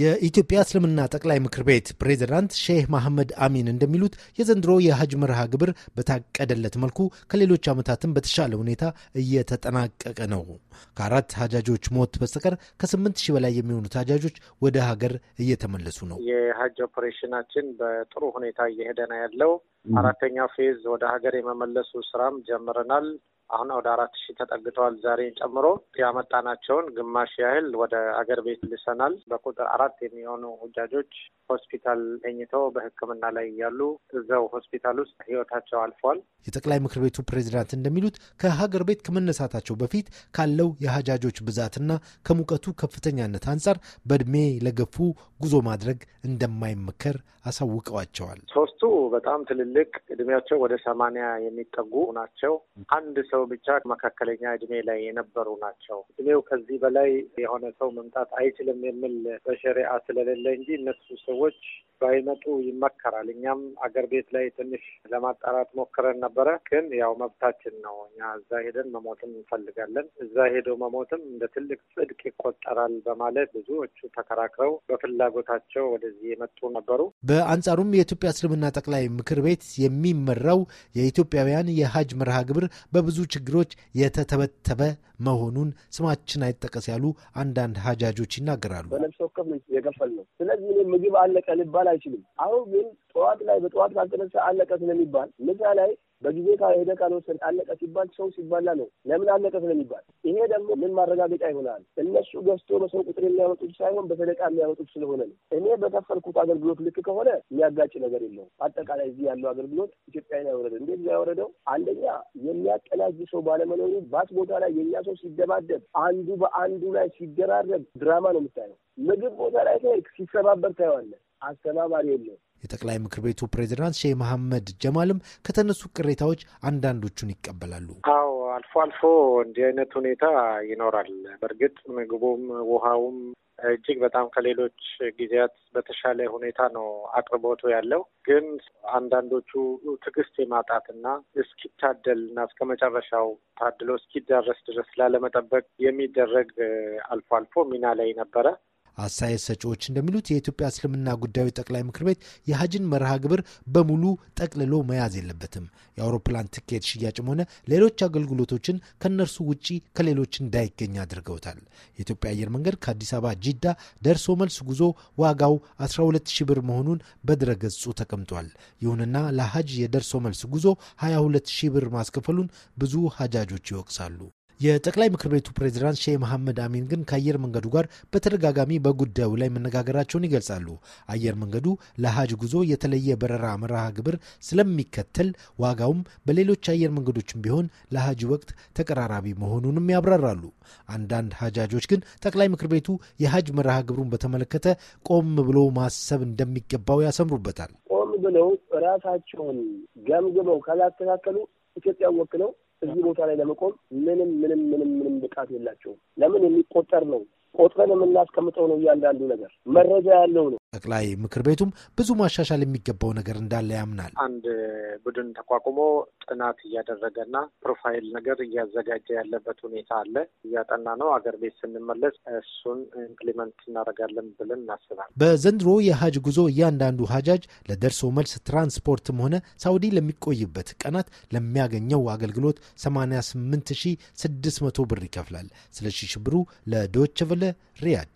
የኢትዮጵያ እስልምና ጠቅላይ ምክር ቤት ፕሬዚዳንት ሼህ መሐመድ አሚን እንደሚሉት የዘንድሮ የሀጅ መርሃ ግብር በታቀደለት መልኩ ከሌሎች ዓመታትም በተሻለ ሁኔታ እየተጠናቀቀ ነው። ከአራት ሀጃጆች ሞት በስተቀር ከስምንት ሺህ በላይ የሚሆኑት ሀጃጆች ወደ ሀገር እየተመለሱ ነው። የሀጅ ኦፕሬሽናችን በጥሩ ሁኔታ እየሄደ ነው ያለው። አራተኛ ፌዝ ወደ ሀገር የመመለሱ ስራም ጀምረናል። አሁን ወደ አራት ሺህ ተጠግተዋል። ዛሬን ጨምሮ ያመጣናቸውን ግማሽ ያህል ወደ አገር ቤት ልሰናል። በቁጥር አራት የሚሆኑ ሁጃጆች ሆስፒታል ተኝተው በሕክምና ላይ እያሉ እዛው ሆስፒታል ውስጥ ህይወታቸው አልፏል። የጠቅላይ ምክር ቤቱ ፕሬዚዳንት እንደሚሉት ከሀገር ቤት ከመነሳታቸው በፊት ካለው የሀጃጆች ብዛትና ከሙቀቱ ከፍተኛነት አንጻር በእድሜ ለገፉ ጉዞ ማድረግ እንደማይመከር አሳውቀዋቸዋል። ሶስቱ በጣም ትልልቅ እድሜያቸው ወደ ሰማንያ የሚጠጉ ናቸው። አንድ ሰው ብቻ መካከለኛ እድሜ ላይ የነበሩ ናቸው። እድሜው ከዚህ በላይ የሆነ ሰው መምጣት አይችልም የሚል በሸሪአ ስለሌለ እንጂ እነሱ ሰዎች ባይመጡ ይመከራል። እኛም አገር ቤት ላይ ትንሽ ለማጣራት ሞክረን ነበረ። ግን ያው መብታችን ነው። እኛ እዛ ሄደን መሞትም እንፈልጋለን። እዛ ሄዶ መሞትም እንደ ትልቅ ጽድቅ ይቆጠራል በማለት ብዙዎቹ ተከራክረው በፍላጎታቸው ወደዚህ የመጡ ነበሩ። በአንጻሩም የኢትዮጵያ እስልምና ጠቅላይ ምክር ቤት የሚመራው የኢትዮጵያውያን የሀጅ መርሃ ግብር በብዙ ችግሮች የተተበተበ መሆኑን ስማችን አይጠቀስ ያሉ አንዳንድ ሀጃጆች ይናገራሉ። በነፍስ ወከፍ ነው የከፈልነው። ስለዚህ ምግብ አለቀ ልባል አይችልም። አሁን ግን ጠዋት ላይ በጠዋት ካልተነሳ አለቀ ስለሚባል ምሳ ላይ በጊዜ ከሄደ ካልወሰድ አለቀ ሲባል ሰው ሲባላ ነው። ለምን አለቀ ስለሚባል። ይሄ ደግሞ ምን ማረጋገጫ ይሆናል? እነሱ ገዝቶ በሰው ቁጥር የሚያመጡት ሳይሆን በሰደቃ የሚያመጡት ስለሆነ ነው። እኔ በከፈልኩት አገልግሎት ልክ ከሆነ የሚያጋጭ ነገር የለው አጠቃላይ እዚህ ያለው አገልግሎት ኢትዮጵያን ያወረደ እንዴት ያወረደው? አንደኛ የሚያቀናጅ ሰው ባለመኖሩ ባስ ቦታ ላይ የእኛ ሰው ሲደባደብ፣ አንዱ በአንዱ ላይ ሲደራረብ ድራማ ነው የምታየው። ምግብ ቦታ ላይ ሲሰባበር ታየዋለህ። አስተባባሪ የለም። የጠቅላይ ምክር ቤቱ ፕሬዚዳንት ሼህ መሐመድ ጀማልም ከተነሱ ቅሬታዎች አንዳንዶቹን ይቀበላሉ። አዎ አልፎ አልፎ እንዲህ አይነት ሁኔታ ይኖራል። በእርግጥ ምግቡም ውሃውም እጅግ በጣም ከሌሎች ጊዜያት በተሻለ ሁኔታ ነው አቅርቦቱ ያለው። ግን አንዳንዶቹ ትዕግስት የማጣትና እስኪታደል እና እስከ መጨረሻው ታድሎ እስኪዳረስ ድረስ ላለመጠበቅ የሚደረግ አልፎ አልፎ ሚና ላይ ነበረ። አስተያየት ሰጪዎች እንደሚሉት የኢትዮጵያ እስልምና ጉዳዮች ጠቅላይ ምክር ቤት የሀጅን መርሃ ግብር በሙሉ ጠቅልሎ መያዝ የለበትም። የአውሮፕላን ትኬት ሽያጭም ሆነ ሌሎች አገልግሎቶችን ከእነርሱ ውጪ ከሌሎች እንዳይገኝ አድርገውታል። የኢትዮጵያ አየር መንገድ ከአዲስ አበባ ጂዳ ደርሶ መልስ ጉዞ ዋጋው 12 ብር መሆኑን በድረገጹ ተቀምጧል። ይሁንና ለሀጅ የደርሶ መልስ ጉዞ 22 ብር ማስከፈሉን ብዙ ሀጃጆች ይወቅሳሉ። የጠቅላይ ምክር ቤቱ ፕሬዚዳንት ሼህ መሐመድ አሚን ግን ከአየር መንገዱ ጋር በተደጋጋሚ በጉዳዩ ላይ መነጋገራቸውን ይገልጻሉ። አየር መንገዱ ለሀጅ ጉዞ የተለየ በረራ መርሃ ግብር ስለሚከተል ዋጋውም በሌሎች አየር መንገዶችም ቢሆን ለሀጅ ወቅት ተቀራራቢ መሆኑንም ያብራራሉ። አንዳንድ ሀጃጆች ግን ጠቅላይ ምክር ቤቱ የሀጅ መርሃ ግብሩን በተመለከተ ቆም ብሎ ማሰብ እንደሚገባው ያሰምሩበታል። ቆም ብለው ራሳቸውን ገምግመው ካላስተካከሉ ኢትዮጵያ ወክለው እዚህ ቦታ ላይ ለመቆም ምንም ምንም ምንም ምንም ብቃት የላቸውም። ለምን የሚቆጠር ነው ቆጥረን የምናስቀምጠው ነው። እያንዳንዱ ነገር መረጃ ያለው ነው። ጠቅላይ ምክር ቤቱም ብዙ ማሻሻል የሚገባው ነገር እንዳለ ያምናል። አንድ ቡድን ተቋቁሞ ጥናት እያደረገና ፕሮፋይል ነገር እያዘጋጀ ያለበት ሁኔታ አለ። እያጠና ነው። አገር ቤት ስንመለስ እሱን ኢምፕሊመንት እናደርጋለን ብለን እናስባል። በዘንድሮ የሀጅ ጉዞ እያንዳንዱ ሀጃጅ ለደርሶ መልስ ትራንስፖርትም ሆነ ሳውዲ ለሚቆይበት ቀናት ለሚያገኘው አገልግሎት 88600 ብር ይከፍላል። ስለሺ ሽብሩ ለዶችቨለ ሪያድ